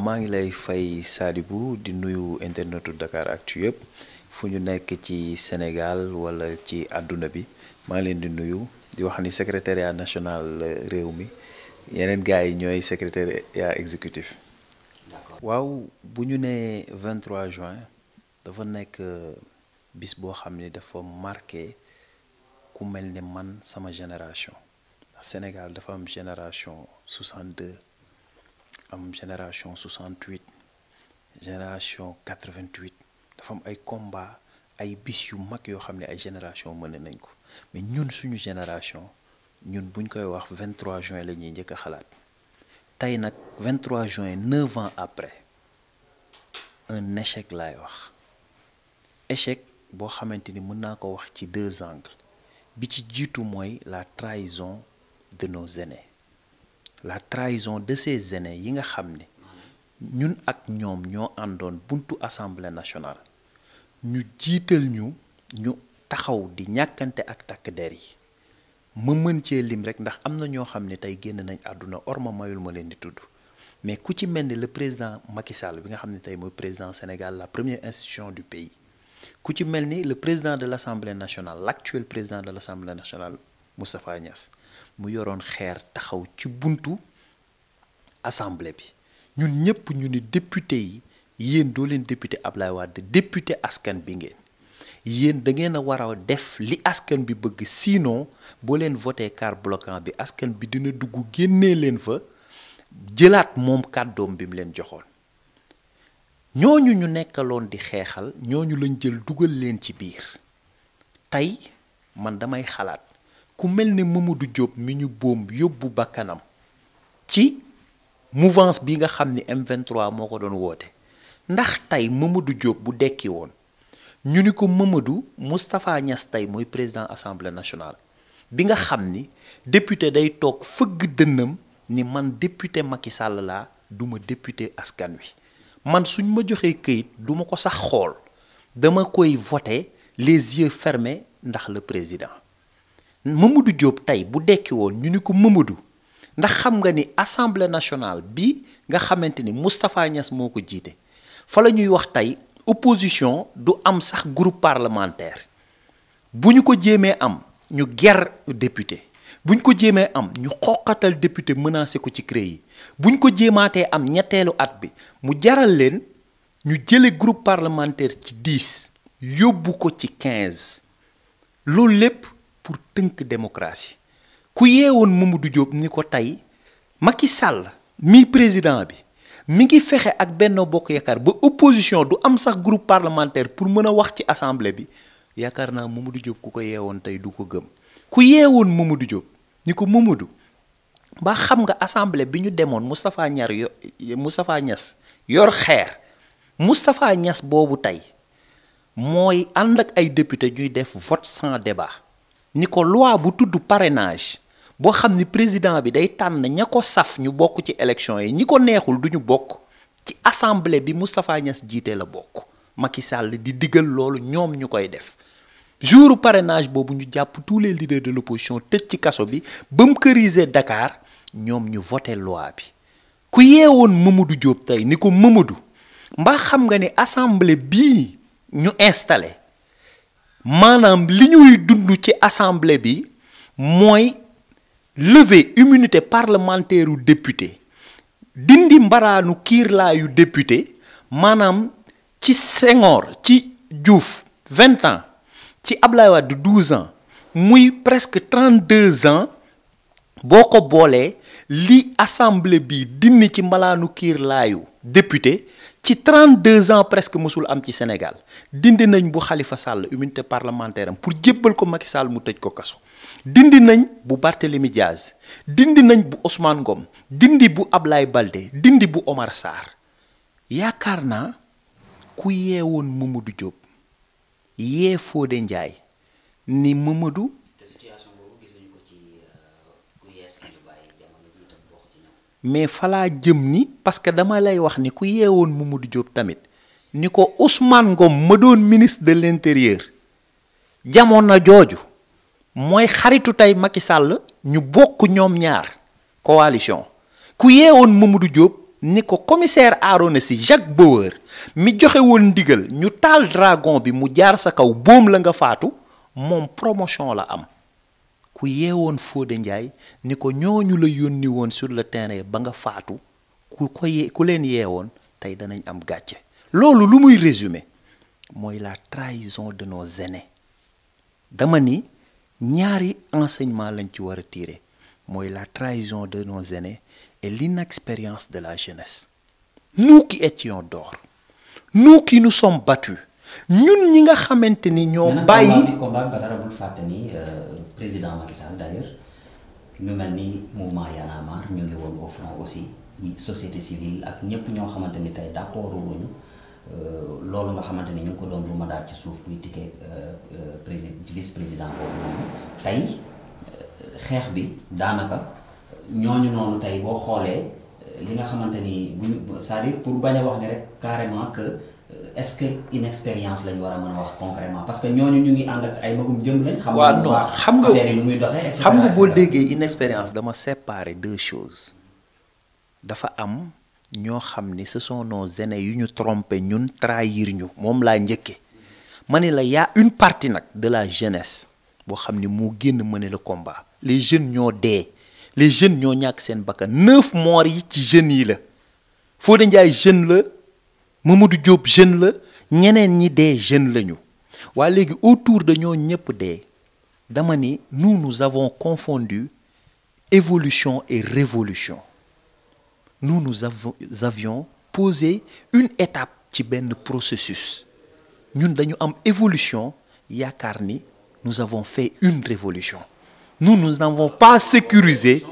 waaw maa il fay Sadibou di nuyu internetu Dakar Sénégal wala ci Adunabi. bi maa di secrétariat national réew mi yeneen a exécutif bu il 23 juin dafa nek euh, bis bo xamné dafa marqué ku man sama génération Sénégal dafa am génération 62 am génération 68 génération 88 dafa am ay combat ay bis yu mag yoo xam ne ay génération mën nañ ko mais ñun suñu génération ñun buñ koy wax 23 juin la ñuy xalaat 23 juin 9 ans après un échec lay wax échec boo xamante ni mën naa ko wax ci deux angles bi ci jiitu la trahison de nos aînés la trahison de ces aînés yi nga xamné nous ñun ak ñom buntu assemblée nationale ñu jiital ñu ñu taxaw di ñakante ak tak der yi ma mën lim rek ndax amna na xamné tay ne nañ aduna or ma orma mayul ma yul di tuddu mais ku ci le président Macky Sall bi nga xamné président Sénégal la première institution du pays ku ci le président de l'Assemblée nationale l'actuel président de l'Assemblée nationale Moustapha Niass mu yoroon xeer taxaw ci buntu assemblée bi ñun ñëpp ñu ni député yi yéen doo leen député Ablaye Wade député askan bi ngeen yéen da ngeen a war a def li askan bi bëgg sinon boo leen voté car bloquant bi askan bi dina dugg génnee leen fa jëlaat moom kàddoom bi mu leen joxoon ñooñu ñu nekkaloon di xeexal ñooñu lañ jël dugal leen ci biir tey man damay xalaat. ku Diop mi mouvance bi M23 moo ko doon ndax tey Mamadou Diop bu dekki woon ñu ni Moustapha Niass président assemblée nationale bi nga député day toog fëgg ni man député Macky Sall laa député askan man ma les yeux fermés ndax le président Mamadou Diop tay bu dekki won ñu ni ko Mamadou ndax xam nga ni assemblée nationale bi nga xamanteni ni Moustapha Niass moko jité fa la ñuy wax tay opposition du am sax groupe parlementaire bu ko jémé am ñu député buñ ko jémé am ñu xoxatal député menacé ko ci créer Nous ko qui am ñettelu at bi mu jaral leen ñu jële groupe parlementaire ci 10 yobbu ko ci 15 loolu pour teunk démocratie ku mumu Mamadou Diop ni ko tay Macky Sall mi président bi mi ngi fexé ak Benno bok yakar ba opposition du am sax groupe parlementaire pour meuna wax ci assemblée bi yaakaar naa Mamadou Diop ku ko yeewoon tay du ko gëm ku yeewoon Mamadou Diop ni ko Mamadou ba xam nga assemblée bi ñu démon Moustapha Ñar yo Moustapha Niass yor xeer Moustapha Niass bobu tay moy ànd ak ay député ñuy def vote sans débat ni ko loi bu tudd parrainage boo xam ni président bi day tànn ña ko saf ñu bokk ci élection yi ñi ko neexul du ñu bokk ci assemblée bi Moustapha Niass jiite la bokk Macky Sall di diggal loolu ñoom ñu koy def jour parrainage boobu ñu jàpp tous les leaders de l'opposition tëj ci kaso bi ba mu dakaar ñoom ñu voté loi bi ku yeewoon Mamadou Diop tey ni ko Mamadou mbaa xam nga ni assemblée bii ñu installé manam liñuy dundu ci assemblée bi moy lever immunité parlementaire député dindi mbaranu kirla yu député manam ci senghor ci djouf 20 ans ci ablaye 12 ans a presque 32 ans boko bolé li assemblée bi dindi ci mbaranu yu ci 32 ans presque mosul am ci Sénégal dindi nañ bu Khalifa Sall immunité parlementaire pour djébal ko Macky Sall mu tëj ko kasso dindi nañ bu Barthélémy Diaz dindi nañ bu Ousmane Ngom dindi bu ablay balde dindi bu Omar sar yakarna ku yeewoon Mamadou Diop yé Fodé Ndiaye ni Mamadou mais falaa jëm ni parce que dama lay wax ni ku yeewoon mu mu du Diop tamit ni ko Ousmane Ngom ma doon ministre de l'intérieur jamono jooju mooy xaritu tey Macky Sall ñu bokk ñoom ñaar coalition ku yeewoon Mamadou jóob ni ko commissaire Arona si Jacques Bauer mi joxewoon ndigal ñu taal dragon bi mu jaar sa kaw boom la nga faatu moom promotion la am ku yeewoon Fodé Ndiaye ni ko ñooñu la yónni woon sur le terrain ba nga faatu ku ko ye ku leen yeewoon tey danañ am gàcce loolu lu muy résumé mooy la trahison de nos aînés dama ni ñaari enseignement lañ ci war a tirer mooy la trahison de nos aînés et l'inexpérience de la jeunesse nous qui étions d'or nous qui nous sommes battus ñun ñi nga xamante ni ñoo. bàyyi combat bi ba dara bul fàtte ni euh, président Macky Sall ñu mel ni mouvement Y'en a ñu ngi woon au front aussi société civile ak ñëpp ñoo xamante ni tey d'accord wuñu euh, loolu nga xamante ni ñu ngi ko doon ruma daal ci suuf muy ticket euh, prési vice président boobu noonu tey xeex bi daanaka ñooñu noonu tey boo xoolee li nga xamante ni bu ñu pour bañ a wax ni rek carrément que. Euh, est-ce que une expérience lañ wara a wax concrètement parce que ñoñu ñu ngi ànd ak ay magum jëm lañ. xam nga non xam nga affaire yi xam nga une expérience dama séparer deux choses dafa am ñoo xam ni ce sont nos aînés yu ñu trompé ñun trahir ñu moom laa njëkkee ma ne la y a une partie nag de la jeunesse boo xam ni moo génn mëne le combat les jeunes ñoo dee les jeunes ñoo ñàkk seen bakka neuf morts yi ci jeunes yi la Fodé Ndiaye jeune la. Mamadou Diop jeune ñeneen ñi lañu autour de ñoo dama ni nous nous avons confondu évolution et révolution nous nous avions posé une étape ci benn processus ñun dañu am évolution yaakaar ni nous avons fait une révolution nous nous n'avons pas sécurisé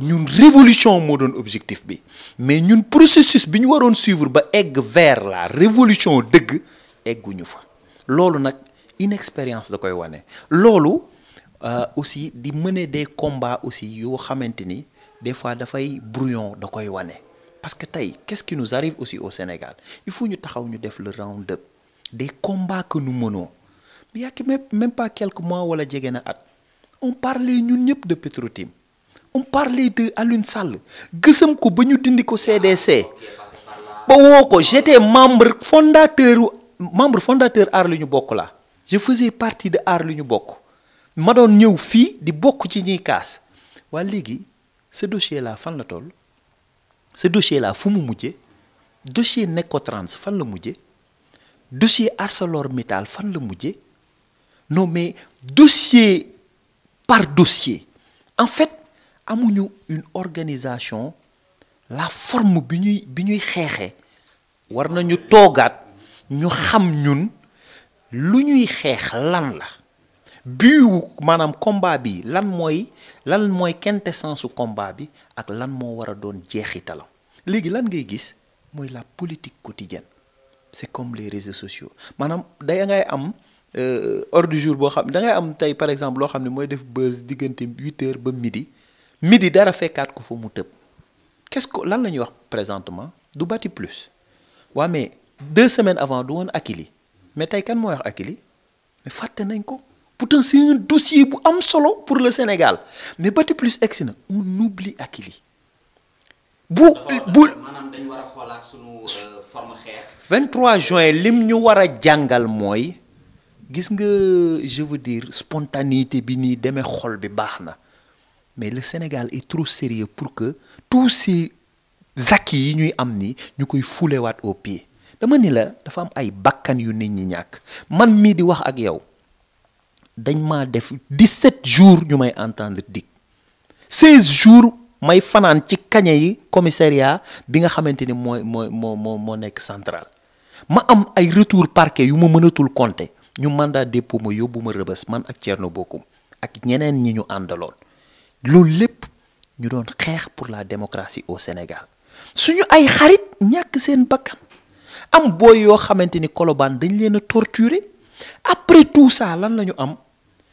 ñun révolution moo objectif bi mais ñun processus bi ñu suivre ba egg vers la révolution dëgg egguñu fa lolu nak inexpérience da koy wane euh, aussi di mener des combats aussi yoo xamanteni des fois fay brouillon da koy wane parce que tay qu'est-ce qui nous arrive aussi au Sénégal il faut ñu taxaw ñu def le round des combats que nous menons mais yàgg même pas quelques mois wala jege na at on parlait ñun ñep de petro on parlait de Alioune Sall gësam ko bañu ñu dindi ko CDC ba woo ko j'étais membre fondateur membre fondateur aar li bokk la je faisais partie de aar li bokk ma don ñew fi di bokk ci ñi kaas Wa léegi ce dossier là fan la toll ce dossier là fu mu mujje dossier Necotrans fan la mujjé? dossier ArcelorMittal fan la mujjé? non mais dossier par dossier en fait amuñu une organisation la forme biñuy biñuy bi war nañu toogaat ñu xam ñun luñuy ñuy lan la biiwu manam combat bi lan moy lan moy quintessence combat bi ak lan mo wara doon jeexitalam légui lan ngay gis moy la politique quotidienne c'est comme les réseaux sociaux Manam day ngay am euh, ordre du jour bo xam da ngay am tay par exemple lo xamni moy def buzz diggante huit heures ba midi midi dara fekkaat ko fa mu qu'est-ce que lan lañ wax présentement du bati plus wa mais deux semaines avant du woon Akili mais tay kan mo wax Akili mais faté nañ ko pourtant c'est un dossier bu am solo pour le Sénégal mais bati plus egsi na on oublie Akili bu bu manam dañ wara a sunu euh, forme xeex. 23 juin lim ñu wara jangal moy gis nga je veux dire spontanéité bi nii demee xol bi baax mais le Sénégal est trop sérieux pour que tous ces acquis yi ñuy am ni les koy au pied la dafa am ay bakkan yu nit man mi di wax ak yow dañ 17 jours ñu entendre dire. 16 jours may suis ci kañe yi commissariat bi nga central ma am ay retour parquet yu ma mënatul compter ñu mandat dépôt que me me man ak Thierno ak ñeneen ñi loolu lépp ñu doon xeex pour la démocratie au Sénégal suñu ay xarit ñàkk seen bakkan am booy yoo xamante ni Colobane dañ leen a torturer après tout ça lan la ñu am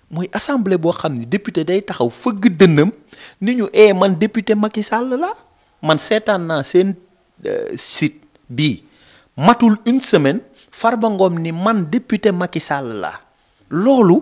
mooy assemblée boo xam ni député day taxaw fëgg dënnam ni ñu ee eh, man député Macky Sall la man seetaan naa seen euh, site bi matul une semaine Farba Ngom ni man député Macky Sall la loolu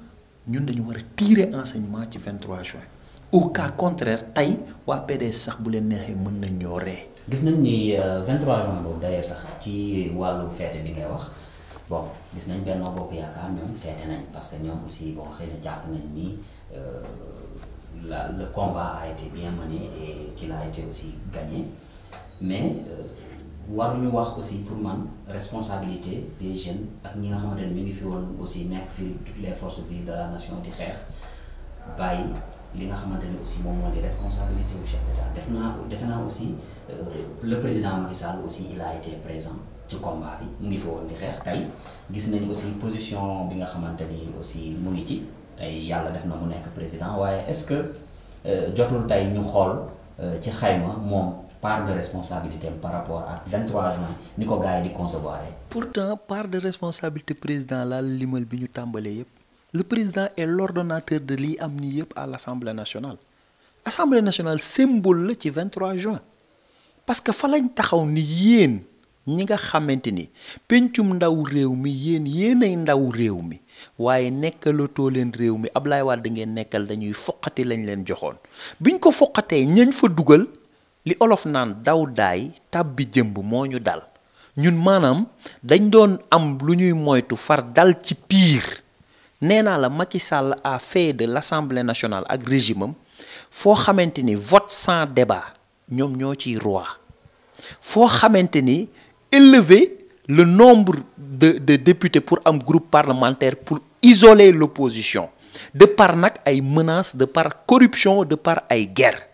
ñun dañu war a tirer enseignement ci 23 juin au cas contraire tey wa PDS sax bu len neexee mën na ñoré. gis nañ ni 23 euh, juin boobu d'ailleurs sax ci walu feete bi ngay wax bon gis nañ benno bokk yaakaar ñom feete nañ parce que ñom aussi bon xeyna japp nañ ni euh, la le combat a été bien mené et qu'il a été aussi gagné mais. Euh, waruñu wax aussi pour man responsabilité des jeunes ak ñi nga xamante mi ngi fi woon aussi nekk fi toutes les forces vives de la nation di xeex bàyyi li nga xamante aussi moom moo di responsabilité au chef d'État def naa def naa aussi euh, le président Macky Sall aussi il a été présent ci combat bi mu ngi fi woon di xeex tey gis nañ aussi position bi nga xamante aussi mu ngi ci tey yàlla def na mu nekk président waaye est-ce que euh, jotul tey ñu xool euh, ci xayma moom part de responsabilité par rapport à 23 juin ni ko gars di concevoir pourtant part de responsabilité président laal limal bi ñu le président est l'ordonnateur de li am nii à l'Assemblée nationale Assemblée nationale symbole ci 23 juin parce que fa lañ taxaw ni yeen ñi nga xamante ni pencum ndaw réew mi yéen yéenay ndaw réew mi waaye nekkalatoo leen réew mi Ablaye wad ngeen nekkal dañuy foqati lañ leen joxone biñ ko foqatee ñañ fa duggal li olof naan daw daay tàbbi jëmb moo dal ñun maanaam dañ doon am lu ñuy moytu far dal ci piir nee la Macky Sall a fait de l'Assemblée nationale ak régime am foo xamante ni vote sans débat ñoom ñoo roi foo xamante le nombre de députés pour un groupe parlementaire pour isoler l'opposition de par nag ay menace, de par corruption de par ay guerre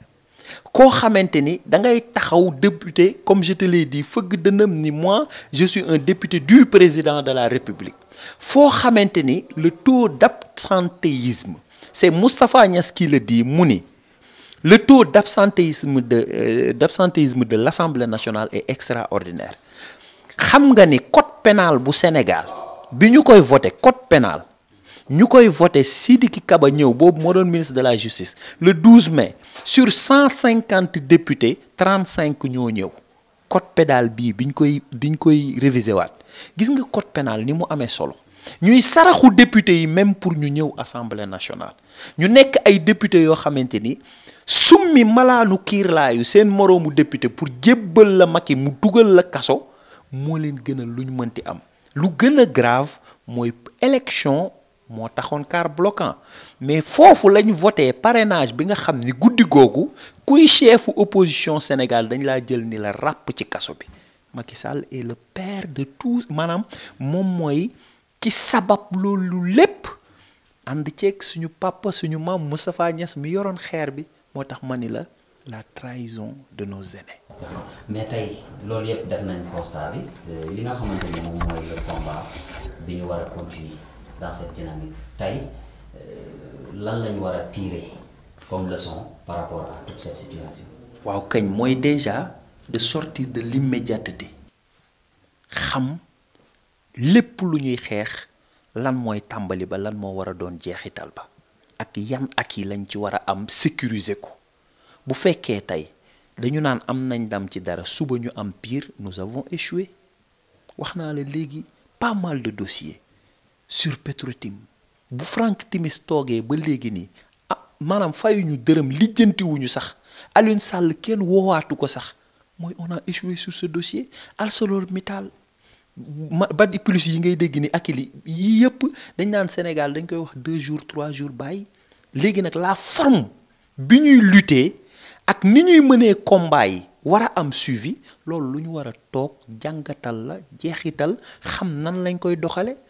ko xamanteni da ngay taxaw député comme je te l'ai dit feug ni moi je suis un député du président de la république fo xamanteni le taux d'absentéisme c'est Mustapha Niass qui le dit le taux euh, d'absentéisme de l'Assemblée nationale est extraordinaire xam nga ni code pénal bu Sénégal biñu koy voté code pénal nous avons voté Sidiki Kaba ñëw boobu ministre de la justice le 12 mai sur 150 députés 35 ñoo Le code pénal bii biñ koy révisé wat. gis nga code pénal ni mu amee solo ñuy saraxu député yi même pour ñu à assemblée nationale ñu nekk ay député yoo xamante ni summi la, kiirlaayu seen de député pour jébbal la Macky mu dugal la kaso moo leen gën a am lu grave mooy élection moo taxoon car bloquant mais fofu la ñu voté parrainage bi nga xamni ni gogou kuy chef opposition Sénégal dañ la jël ni la rap ci kasso bi Macky Sall est le père de tous manam mom moy ki sabab loolu lépp ànd ceeg suñu papa suñu mam Moustapha Niass mi yoron xeer bi motax manila la la trahison de nos aînés. mais tay loolu yep def nañ constat bi euh, li nga xamante mom moy le combat bi ñu wara continuer dans cette dynamique tey euh, lan lañu war a tirer comme leçon par rapport à toute cette situation. waaw kañ mooy déjà de sortir de l'immédiateté xam lépp lu ñuy xeex lan mooy tàmbali ba lan moo war a doon jeexital ba. ak yan ak yi lañ ci war a am sécuriser ko bu fekkee tey dañu naan am nañ dam ci dara suba ñu am pire nous avons échoué waxna le légui pas mal de dossiers sur Petro-Tim bu Frank Timis toogee ba ni ah, manam fayu ñu deureum dërëm wuñu sax Alioune Sall kenn woowaatu ko sax moy on a échoué sur ce dossier ArcelorMittal ma Badi plus yi ngay dégg ni akili li yii dañ naan Sénégal dañ koy wax deux jours trois jours bàyyi légui nag la forme bi ñuy lutter ak ni ñuy mënee combat yi war a am suivi loolu lu ñu war a toog jàngatal la jeexital xam nan lañ koy doxale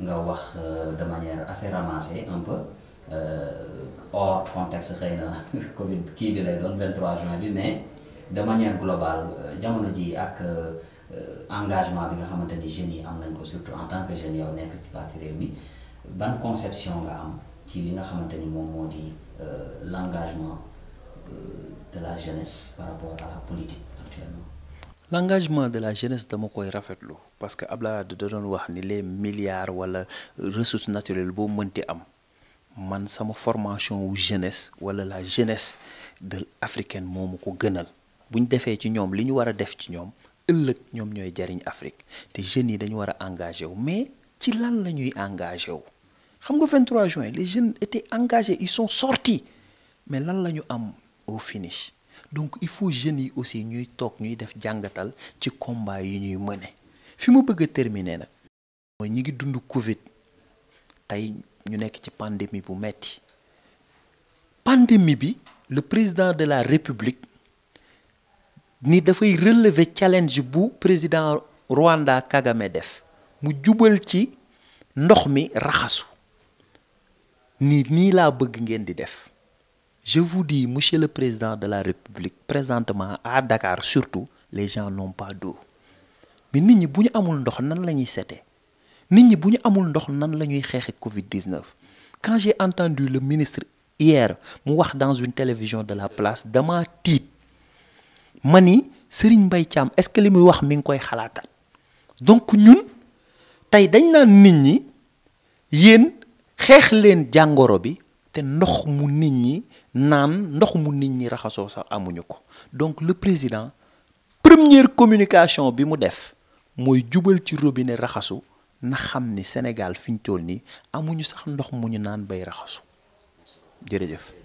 nga wax euh, de manière assez ramassée un peu euh, hors contexte qui Covid 23 juin mais de manière globale euh, jamono ji ak engagement bi nga la surtout en tant que jeune yow nekk ci parti Rewmi ban conception nga am ci l'engagement de la jeunesse par rapport à la politique actuellement. l'engagement de la jeunesse dama koy rafetlu parce que Abdoulaye de doon wax ni les milliards wala ressources naturelles bo mënti am man sama formation ou jeunesse wala la jeunesse de africaine moomu ko gënal buñ défé ci ñom liñu wara a def ci ñom ëlëk ñom ñoy jariñ Afrique té jeunes yi dañu wara mais ci lan lañuy engagé wu xam nga 23 juin les jeunes étaient engagés ils sont sortis mais lan lañu am au finish donc il faut jeunes yi aussi ñuy tok ñuy def jangatal ci combat yi ñuy mëne fi mu bëgg terminé terminer nag ñi ngi dund Covid tay ñu nekk ci pandémie bu metti pandémie bi le président de la République ni fay relever challenge bu président Rwanda Kagame def mu jubal ci ndox mi raxasu ni ni la bëgg ngeen di def je vous dis monsieur le président de la République présentement à Dakar surtout les gens n'ont pas d'eau mais nit ñi bu ñu amul ndox nan lañuy sété seetee nit ñi bu ñu amul ndox nan lañuy xéxé Covid 19 quand j'ai entendu le ministre hier mu wax dans une télévision de la place dama tiit mani Serigne Mbaye Thiam est-ce que limuy wax mi ngi koy xalaataat donc ñun tay dañ naan nit ñi yéen xeex leen jangoro bi te ndox mu nit ñi naan ndox mu nit ñi raxasoo sax amuñu ko donc le président première communication bi mu def. mooy jubal ci robine raxasu na xam ni Sénégal fi ñu toll nii amuñu sax ndox mu ñu naan bay raxasu jërëjëf.